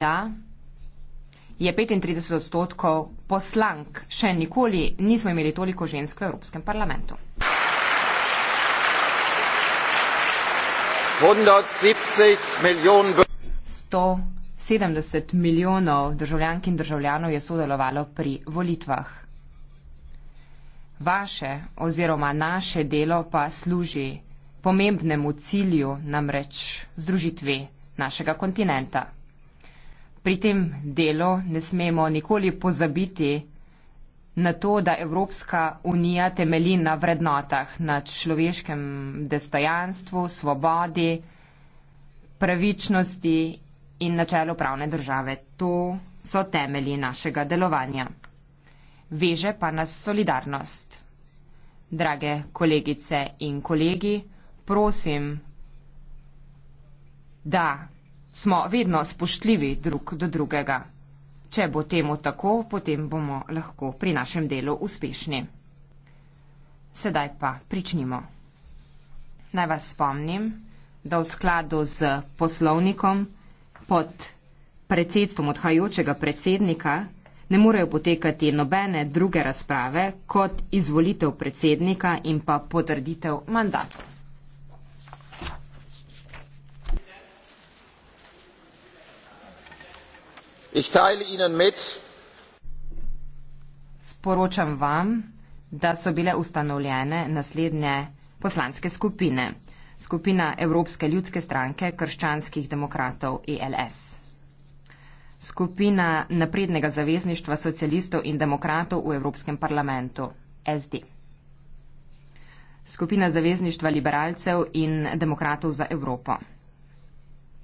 da je 35 odstotkov poslank. Še nikoli nismo imeli toliko žensk v Evropskem parlamentu. 170 milijonov državljank in državljanov je sodelovalo pri volitvah. Vaše oziroma naše delo pa služi pomembnemu cilju namreč združitvi našega kontinenta pri tem delu ne smemo nikoli pozabiti na to, da Evropska unija temelji na vrednotah, na človeškem dostojanstvu, svobodi, pravičnosti in načelu pravne države. To so temelji našega delovanja. Veže pa nas solidarnost. Drage kolegice in kolegi, prosim, da smo vedno spoštljivi drug do drugega. Če bo temu tako, potem bomo lahko pri našem delu uspešni. Sedaj pa pričnimo. Naj vas spomnim, da v skladu z poslovnikom pod predsedstvom odhajajočega predsednika ne morejo potekati nobene druge razprave kot izvolitev predsednika in pa potrditev mandata. Ich teile Ihnen mit, Sporočam vam, da so bile ustanovljene naslednje poslanske skupine. Skupina Evropske ljudske stranke krščanskih demokratov ELS. Skupina naprednega zavezništva socialistov in demokratov v Evropskem parlamentu SD. Skupina zavezništva liberalcev in demokratov za Evropo.